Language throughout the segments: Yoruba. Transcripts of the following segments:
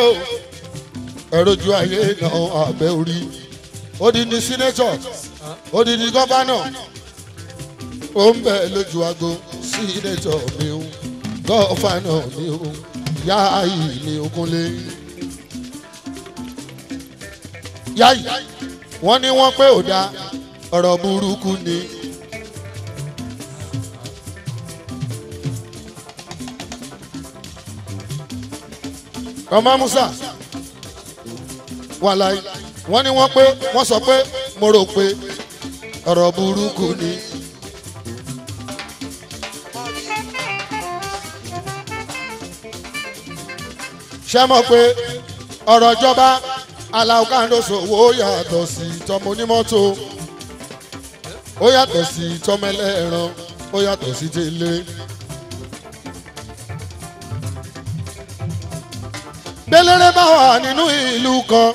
o ẹ̀rọ ojú ayé náà àbẹ́ orí odidi sínétọ̀ odidi gọ́bánà ó ń bẹ lójú ago sínétọ̀ mi o gọ́fánà mi o yáàyè mi o kúnlé. yáàyè wọ́n ní wọ́n pé ò dáa ọ̀rọ̀ burúkú ni. ọmọ musa wà láyé wọ́n ní wọ́n pé wọ́n sọ pé mo rò pé ọ̀rọ̀ burúkú ni. ṣé mọ̀ pé ọ̀rọ̀ ìjọba Alao Kárìndòsò ó yàtọ̀ sí tọmọ onímọ́tò ó yàtọ̀ sí tọmọ ẹlẹ́ran ó yàtọ̀ sí tẹ́lẹ̀. bẹ́lẹ́rẹ́ bá wà nínú ìlú kan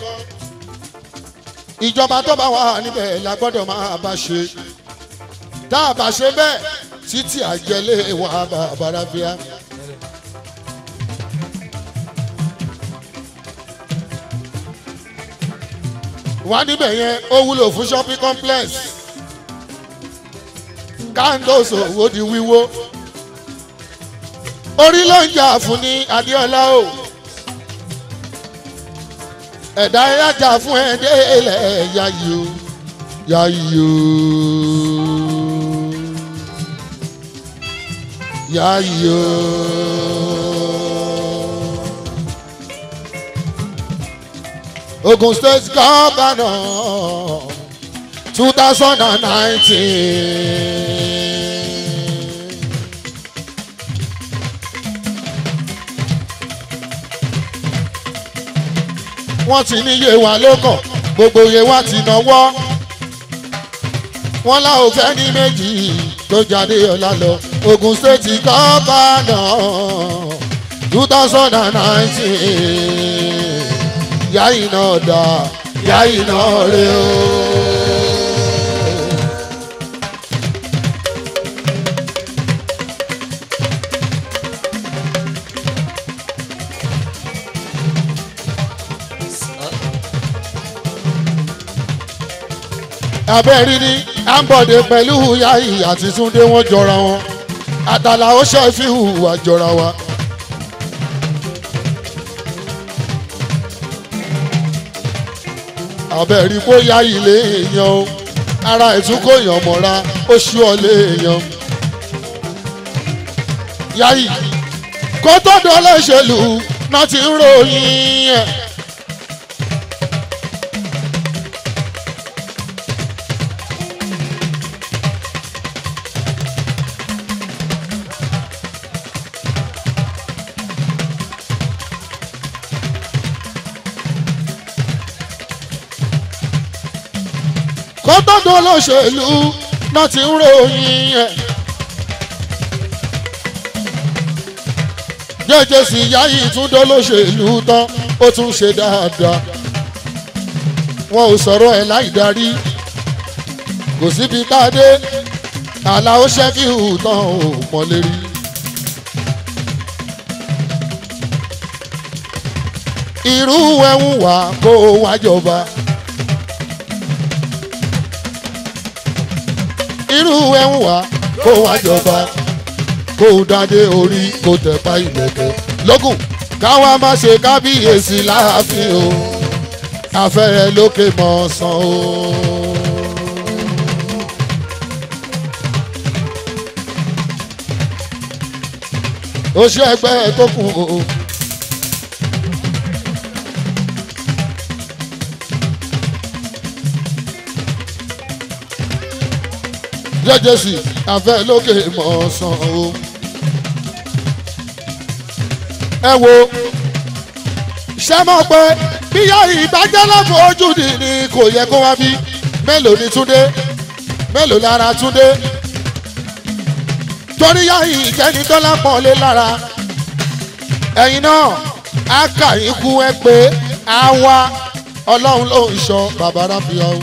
ìjọba tó bá wà níbẹ̀ la gbọ́dọ̀ máa bá ṣe tá a bá ṣe bẹ́ẹ̀ títí àjẹlé wà bàbára bíà. wà níbẹ̀ yẹn ó wúlò fún shopping complex candles òwò di wíwó orí ló ń jà fún ní Adéọlá o ẹ̀dá yájà fún ẹ dé ilẹ̀ yáyò yáyò yáyò. Ogun State Governor two thousand and nineteen. wọ́n ti ní iye wa lókàn gbogbo iye wa ti náwó wọ́n láwọn fẹ́ ní méjì tó jáde ọ̀la lọ Ogun State gọ́vànà two thousand and nineteen yáyìn náà dá yáyìn náà rèé o. abẹ́rí ní ambode pẹ̀lú yayi àti túndé wọ́n jọra wọn àtàlà ó ṣe fi hùwà jọra wa. abẹ́rí kó yayi lé èèyàn o ara ẹ̀tún kò yàn mọ́ra ó ṣú ọ lé èèyàn. yayi kó tó dọ́lé ṣèlú náà ti ń ròyìn ẹ̀. lọ́dọ̀ lọ́sẹ̀lú náà ti ń ròyìn ẹ̀. jẹ́jẹ́ sì yá yìí tún dọ́ lọ́sẹ̀lú tán ó tún ṣe dáadáa. wọn ò sọ̀rọ̀ ẹ̀ láì darí kò síbi bá dé àlàó ṣẹ́fíù tán ò mọ̀lérí. irú ẹ̀hún wà kó wájọba. irú ẹ̀hún wa kó wá jọba kó dáadé orí kó tẹ̀pá ìlẹ̀kẹ̀ lókun káwa má ṣe kábíyèsí láàfin o afẹ́rẹ́ lókè mọ́ san o. oṣù ẹgbẹ́ tó kù o. jẹ́jẹ́sì àfẹ́ lókè mọ̀ sàn o. ẹ wo ṣé mọ̀ pé bíyá ìbàjẹ́ lọ́fọ̀ ojú ni ni kò yẹ kó wá bí mélòó ni Túndé mélòó lára Túndé torí yá ìjẹni dọ́là pọ̀lé lára ẹ̀yin náà a kà yín kú ẹ pé a wá ọlọ́run ló sọ bàbá ráfíà ó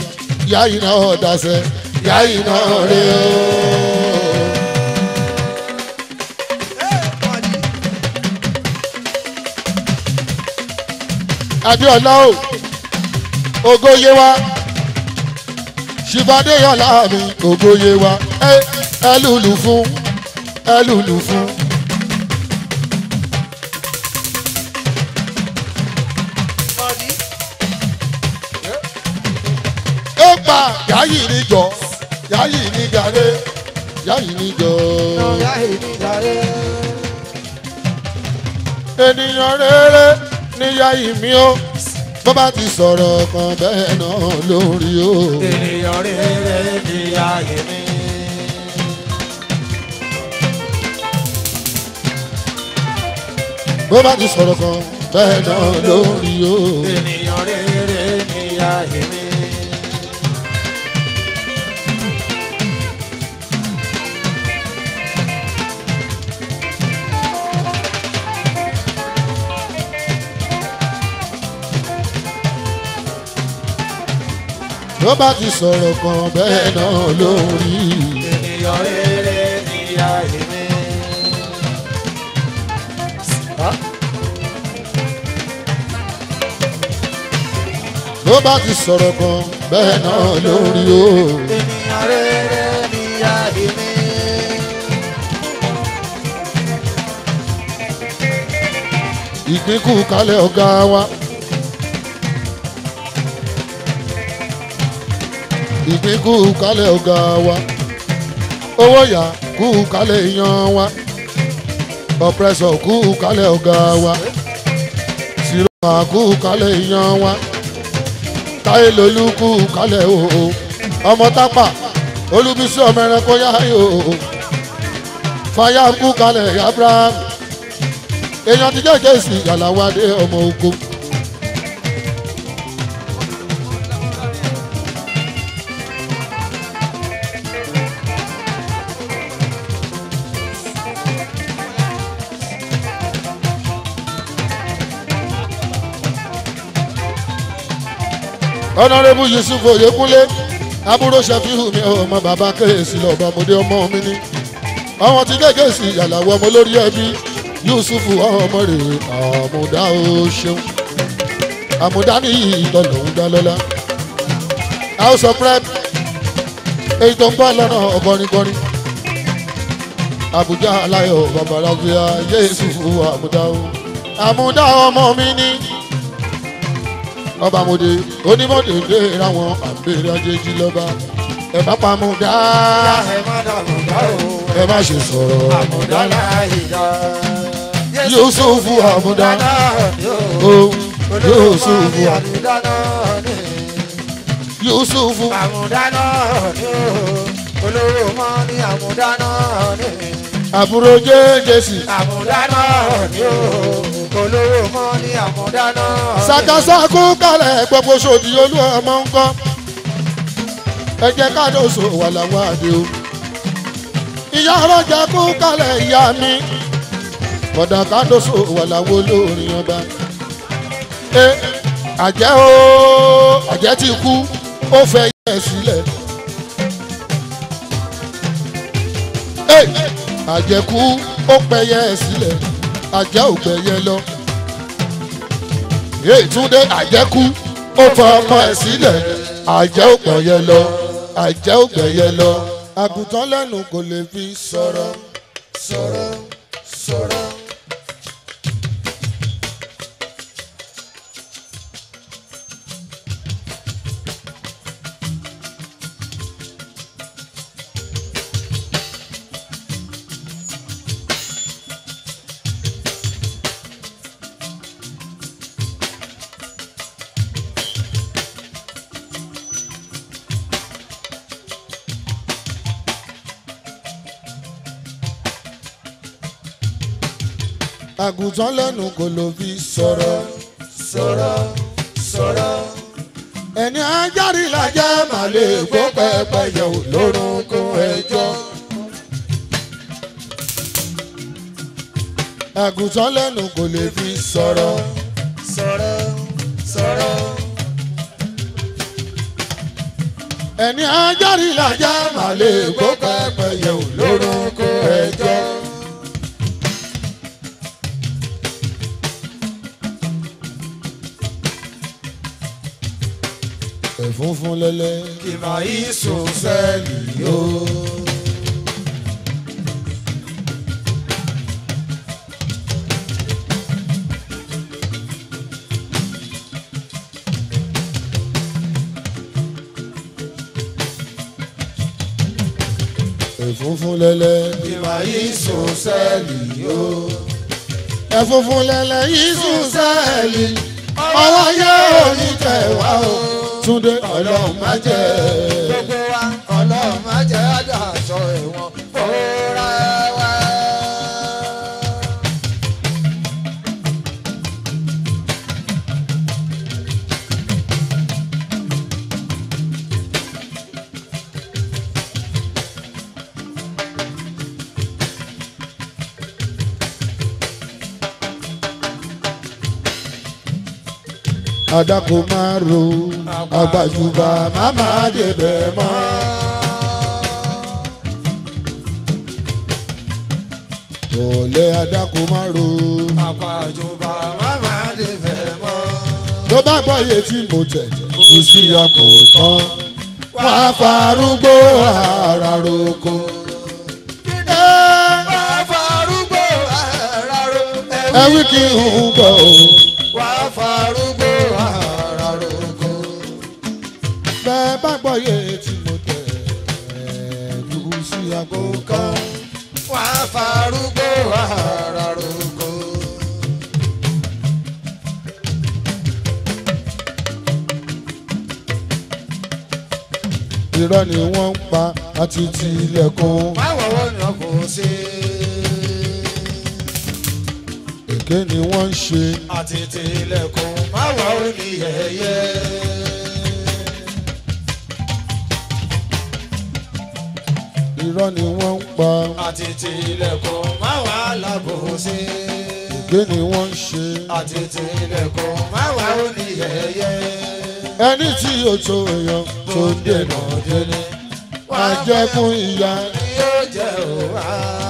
yá yín náà ọ̀dà sẹ́ẹ́ ìyá iná rẹ o. Adéọlá o ògóyé wa ṣìbádéyọlá mi ògóyé wa ẹ lùlù fún ẹ lùlù fún. ó pa yáyìí níjọ. Yayi ni jàre, yayi ni jọ. Yayi ni jàre. Ènìyàn rere ni yayi mi o. Bó bá ti sọ̀rọ̀ kan bẹ́ẹ̀ náà lórí o. Ènìyàn rere ni yayi mi. bó bá ti sọ̀rọ̀ kan bẹ́ẹ̀ náà lórí o. ènìyàn rere ni ayé mi. tó bá ti sọ̀rọ̀ kan bẹ́ẹ̀ náà ló ń rí. ènìyàn rere ni ayé mi. tó bá ti sọ̀rọ̀ kan bẹ́ẹ̀ náà ló o. ènìyàn rere ni ayé mi. ìpínkù kalẹ̀ ọ̀gá wa. ìpín kú kálẹ̀ ọ̀gá wa owó yá kú kálẹ̀ èèyàn wa ọ̀pẹ̀sọ̀ kú kálẹ̀ ọ̀gá wa sìrọ̀mà kú kálẹ̀ wa táyé lolú kú kálẹ̀ o ọmọ tápà olùbísí ọmọ ẹranko yá yò fàyà kú kálẹ̀ Abraham èèyàn ti jẹ́ yàlá ọmọ ogun. ọ̀nàrẹ́bù Yusuf Oyèkúnlé àbúrò Ṣàfihù mi ọmọ bàbá kérésì lọ́ba ọmọdé ọmọ mi ni àwọn ti kẹ́kẹ́sì yàlàwọ́ ọmọ lórí ẹbí Yusuf ọmọ rẹ̀ àmúdá ó ṣeun àmúdá ní ìdọ̀lọ́hún dálọ́lá house of rep èyí tó ń bá lọ́nà ọ̀gọ́rin-gọ́rin Àbújá aláyọ̀ babaláwo yéésù àmúdá ó àmúdá ọmọ mi ni ọba mòde onímọ̀dé dé ìràwọ̀n àbẹ̀rẹ̀ ajéjì lọ́ba ẹ má pa àmúdá ẹ má dà àmúdá o ẹ má ṣe sọ̀rọ̀ àmúdá láì dá Yusufu àmúdá Yusufu àmúdá náà ni Yusufu àmúdá náà ni o olówó mọ́ ní àmúdá náà ni àbúrò jẹ́ jẹ́sì àmúdá náà ni o olówó mọ́ ní àmúdáná. ṣàkàṣàkú kalẹ̀ gbogbo sòdì olú ọmọ ń kọ́ ẹ jẹ́ kádòsò wà láwọn àdé o. ìyá ọlọ́jà kú kalẹ̀ ìyá mi bọ̀dà kádòsò wà láwọn olórin ọba. ẹ àjẹ́ o àjẹ́ ti kú ó fẹ́ yẹ sílẹ̀. àjẹkú ó pẹyẹ sílẹ̀ ajá ò gbẹ̀yẹ lọ. Yétúndé àjẹkú ó fọ ọmọ ẹ̀ sílẹ̀ ajá ò gbẹ̀yẹ lọ ajá ò gbẹ̀yẹ lọ. Àgùntàn lẹ́nu kò lè fi sọ̀rọ̀ sọ̀rọ̀ sọ̀rọ̀. àgùntàn lẹ́nu kò ló fi sọ̀rọ̀ sọ̀rọ̀ sọ̀rọ̀. ẹni ajárí la jẹ́ màlẹ́ gbó pẹ́pẹ́ yẹ̀ wò lórúkún ẹjọ́. àgùntàn lẹ́nu kò lè fi sọ̀rọ̀ sọ̀rọ̀ sọ̀rọ̀. ẹni ajárí la jẹ́ màlẹ́ gbó pẹ́pẹ́ yẹ̀ wò lórúkún ẹjọ́. funfun lele, ìmọ̀ ìsùn sẹ́ẹ̀lì yóò. ẹ̀fúnfún lẹ́lẹ́. ìmọ̀ yìí sùn sẹ́ẹ̀lì yóò. ẹ̀fúnfún lẹ́lẹ́ lele, sùn sẹ́ẹ̀lì ọwọ́ yóò ní tẹ̀wá o. Túndé ọlọ́run má jẹ́. gbogbo wa ọlọ́run má jẹ́ àdàsọ ẹ̀wọ̀n fúnra wa. Adako máa ro àgbàjùbà má má débẹ̀ mọ́. olè adako má ro. mama má má débẹ̀ mọ́. tó bá gbọ́ iye tí mo tẹ̀ kù sí ọkọ̀ kan wàá farúgbó ara roko. ẹ wí kí n bọ̀ o. láyé tí mo tẹ̀ ẹ̀ẹ́dù sí àgbo kan wàá farúgbó ara roko. irọ́ ni wọ́n ń pa àti ti ilẹ̀kùn. báwo wọ́n yàn kó ṣe é. èké ni wọ́n ń ṣe. àti tilẹ̀kùn máwàá ò ní yẹ̀yẹ́. irọ́ ni wọ́n ń pa. àti ti ilẹ̀kùn má wà lábòsí. èké ni wọ́n ń ṣe. àti ti ilẹ̀kùn má wà ó ní yẹ̀yẹ́. ẹni tí yóò tó èèyàn tó ń dènà délé. wàá jẹ́ fún ìyá. yóò jẹ́ òwá.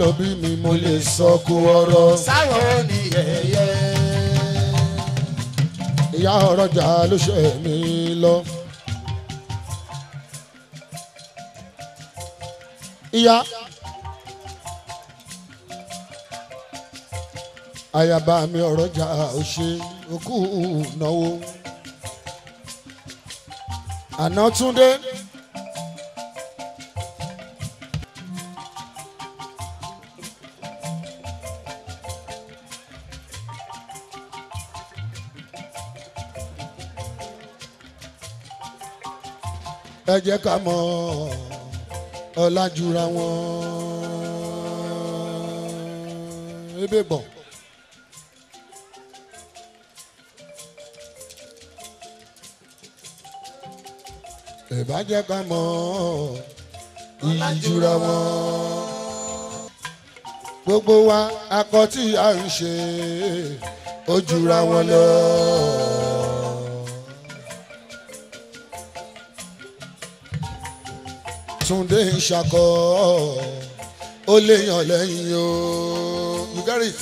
ló bí mi mo lè sọ kú ọ̀rọ̀. sáwọn òní yẹyẹ. ìyá ọ̀rọ̀jà ló ṣe mí lọ. ìyá ayaba mi ọ̀rọ̀jà ò ṣe òkú náwó àná ẹ jẹ́ ká mọ ọ̀làjúra wọn. ebe gbọ̀n. ẹ̀bá jẹ́ ká mọ ìjúra wọn. gbogbo wa akọ tí a ń ṣe ó wọn lọ. Túndé ń ṣakọ ó léèyàn lẹ́yìn o you get it.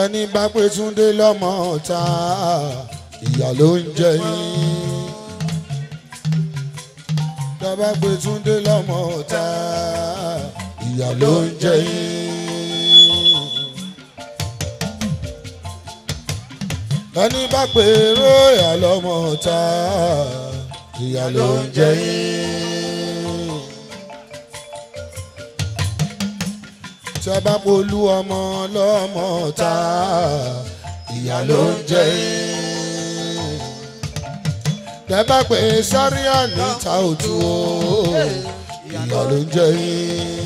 ẹni bá pé Túndé lọ́mọ ọ̀tá ìyà ló ń jẹ yín tá pé Túndé lọ́mọ ọ̀tá ìyà ló ń jẹ yín. ẹni bá pèrò ìyàlọ́mọ ta ìyà ló ń jẹ yín. tí a bá polú ọmọ lọ́mọ ta ìyà ló ń jẹ yín. tẹ́ bá pè sáríà níta òtún o ìyà ló ń jẹ yín.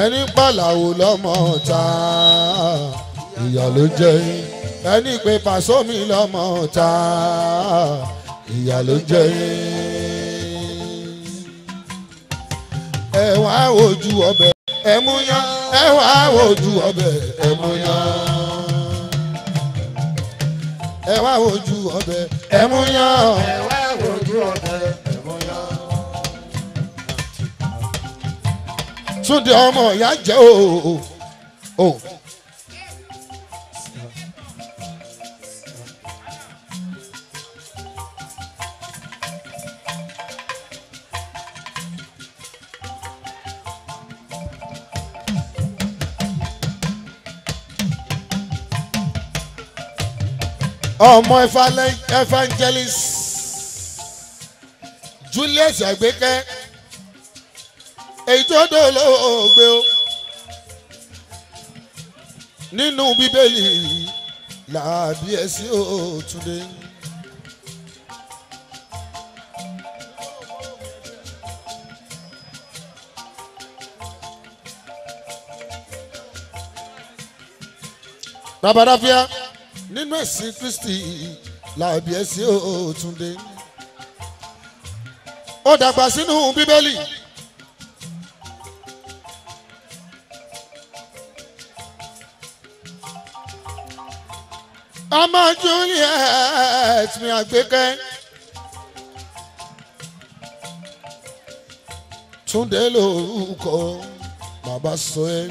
ẹni pàlàwò lọ́mọ ta ìyà ló jẹ́ yín ẹni pé pàṣọmi lọ́mọ ta ìyà ló jẹ́ yín. ẹ wá wojú ọbẹ̀ ẹ mú yán ẹ wá wojú ọbẹ̀ ẹ mú yán. ẹ wá wojú ọbẹ̀ ẹ mú yán. ẹ wá wojú ọbẹ̀. Túndé ọmọ ìyá jẹ́ o. ọmọ evangelist Julius Àgbékẹ́ èyí tó dolóògbé o nínú bíbélì làbí ẹsí òtúndé. babaláfíà nínú ẹ̀sìn kristi làbí ẹsí òtúndé. ó dàgbà sínú bíbélì. ọmọ Juliet mi àgbékẹ́. Túndé lórúkọ bàbá sọ ẹ́.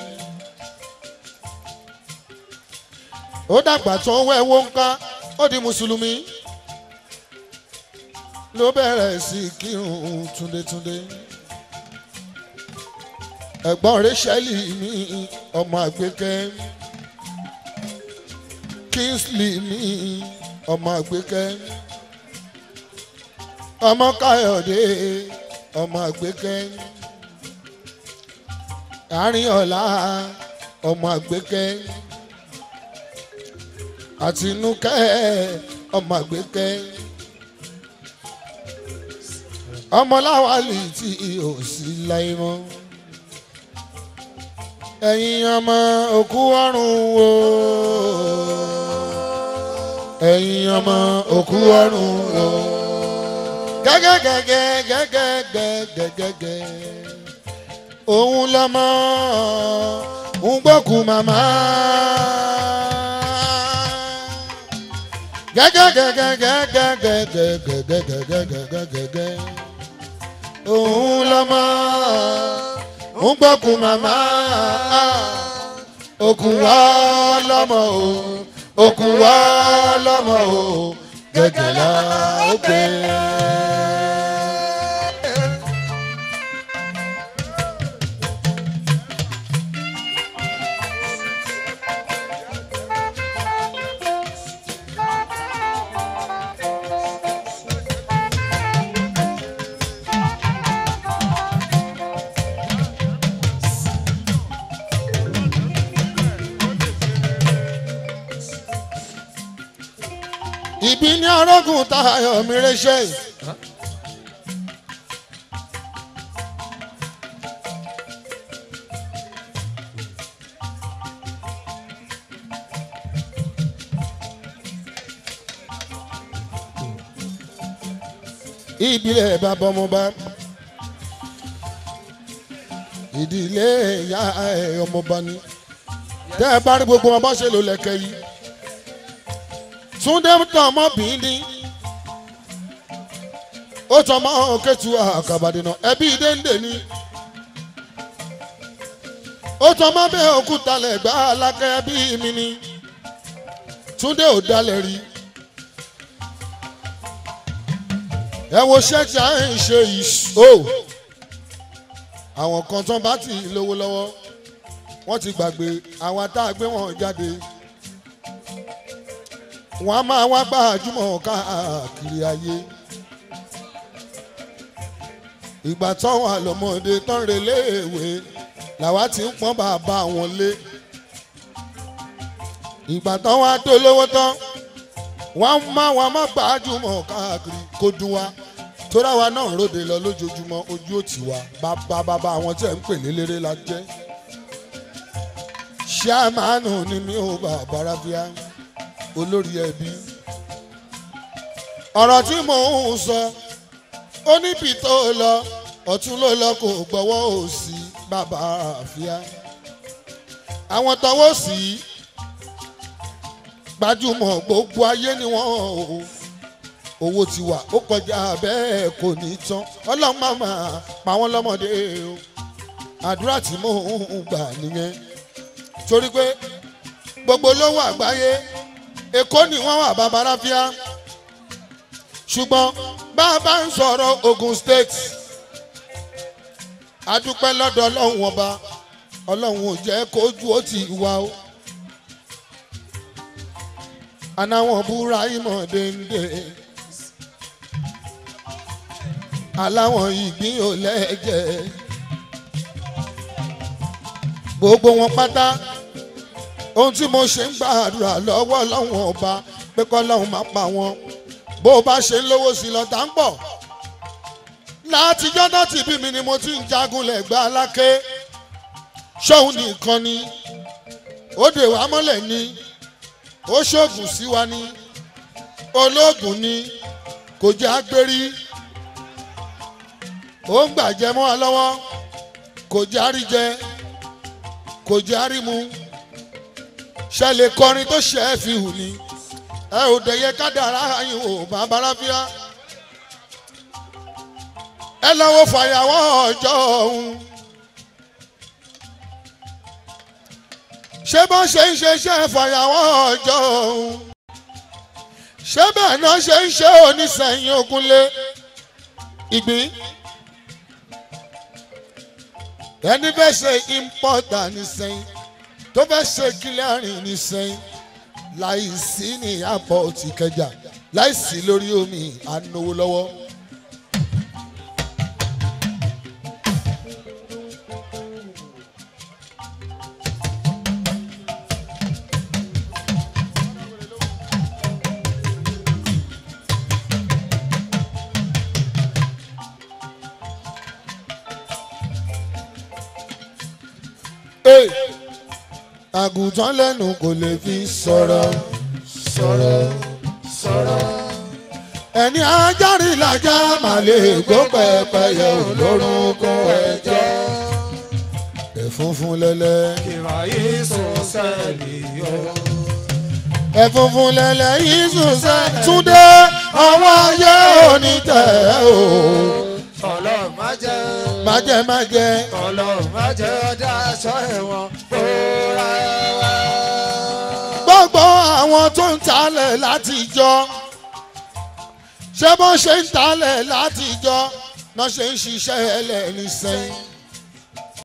ó dàgbà tó ń wẹ́wó ń ká ó di mùsùlùmí ló bẹ̀rẹ̀ sí kírun túndétúndé ẹ̀gbọ́n rẹ́ṣẹ́lì mi ọmọ àgbékẹ́. Kingsley mi ọmọ àgbékẹ́ ọmọ Káyọ̀dé ọmọ àgbékẹ́ àárín ọlá ọmọ àgbékẹ́ àtinúkẹ́ ọmọ àgbékẹ́ ọmọláwálì tí ò sí láyé mọ́ ọmọ òkú ọ̀run o. ẹ̀yin ọmọ òkú ọ̀run lọ. gẹ́gẹ́gẹ́gẹ́ gẹ́gẹ́gẹ́gẹ́gẹ́ òun lọ́mọ ń gbọ́kù màmá. gẹ́gẹ́gẹ́gẹ́gẹ́gẹ́gẹ́gẹ́gẹ́gẹ́gẹ́gẹ́gẹ́gẹ́ òun lọ́mọ ń gbọ́kù màmá. òkú wa lọ́mọ òun okùn wá lọ́mọ o gẹ́gẹ́ la ó gbé. balógun Táyọ̀ mi rẹ́ṣẹ́. ìbílẹ̀ bàbá ọmọba ìdílé ìyá ọmọba ni tẹ́ ẹ bá rí gbogbo wọn bá ṣe lò lẹ́kẹ́ yìí. Túndé tọmọbìnrin ó tọmọ òkètù àkàbàdìnà ẹbí déńdé ni ó tọmọ bẹ́ẹ̀ òkúta lẹ́gbàá alákẹ́ ẹbí mi ni Túndé ò dalẹ̀ rí. ẹ wo ṣẹ́ẹ̀tì à ń ṣe ìṣó àwọn kan tán bá ti lówó lọ́wọ́ wọ́n ti gbàgbé àwọn tá a gbé wọn jáde wọ́n á máa wá gbàjúmọ̀ káàkiri ayé. ìgbà táwọn àlọ́mọdé tán relé èwe làwa ti ń pọ́n bàbá wọn lé. ìgbà táwọn adólówó tán wọ́n má wọ́n má gbàjúmọ̀ káàkiri kó dùn wa tóra wa náà ròde lọ lójoojúmọ́ ojú òtí wa bàbá àwọn tí ẹ̀ ń pè ní léré la jẹ́ ṣáà máa nù ni mi ò bàbá rábíà olórí ẹbí ọ̀rọ̀ tí mò ń sọ ó níbi tó lọ ọ̀tún ló lọ kò gbọ́wọ́ òsì bàbá àfíà àwọn tọwọ́ sí gbajúmọ̀ gbogbo ayé ni wọ́n o owó ti wà ó kọjá bẹ́ẹ̀ kò ní tán ọlọ́run màmá pa wọ́n lọ́mọdé o àdúrà tí mò ń gbà nìyẹn torí pé gbogbo ló wà àgbáyé Èkó ni wọ́n wà babara ráfíà ṣùgbọ́n bá ń sọ̀rọ̀ Ogun State adúpẹ́ lọ́dọ̀ ọlọ́run ọba ọlọ́run ò jẹ́ kójú ó ti wá o anáwọn búra ìmọ̀ dénde aláwọn ìgbín ò lẹ́jẹ̀ gbogbo wọn pátá. ohun tí mo ṣe ń gbàdúrà lọ́wọ́ ọlọ́run ọba pé kọ́ ọlọ́run máa pa wọn bó bá ṣe ń lówó sí lọ́tà ń bọ̀ láti jọ́dọ̀ tí bí mi ni mo ti ń jagun lẹ́gbẹ́ aláké ṣóun nìkan ni ó dè mọ́lẹ̀ ni ó ṣoògùn sí wa ni olóògùn ni kò jẹ́ agbérí ó ń gbàjẹ́ mọ́ wa lọ́wọ́ kò jẹ́ àríjẹ kò jẹ́ àrímu ṣe lè kọrin tó ṣe é fi hù ni ẹ ò dẹ̀yẹ kádàrá yín ò bá baráfíà ẹ lọ́wọ́ fàyàwọ́ ọjọ́ ọ̀hún ṣé bá ṣe ń ṣe ṣe fàyàwọ́ ọjọ́ ọ̀hún ṣé bẹ́ẹ̀ náà ṣe ń ṣe oníṣẹ́yìn ogunlé ìgbín ẹni bẹ́ẹ̀ ṣe important ṣẹ́yìn tó fẹ́ ṣe kílẹ̀rìn ní sẹ́yìn láìsí ní airport Ìkẹjà láìsí lórí omi à lọ́wọ́. àgùntàn lẹ́nu kò lè fi sọ̀rọ̀ sọ̀rọ̀ sọ̀rọ̀. ẹni ajárí lajá màlè gbó pẹ́pẹ́yẹ olórúkọ ẹ̀jẹ̀. ẹ̀fúnfún lẹ́lẹ́. kìráyé sọ sẹ́ẹ̀lì yọ. ẹ̀fúnfún lẹ́lẹ́ yìí sùn sẹ́ túndé ọwọ́ ayé òní tẹ̀ o. ọlọ́run má jẹ́. má jẹ́ má jẹ́. ọlọ́run má jẹ́ ọdá aṣọ ẹ̀wọ̀n. gbọ́ àwọn tó ń talẹ̀ látijọ́ ṣé bọ́n ṣe ń talẹ̀ látijọ́ náà ṣe ń ṣiṣẹ́ ẹlẹ́ni sẹ́yìn.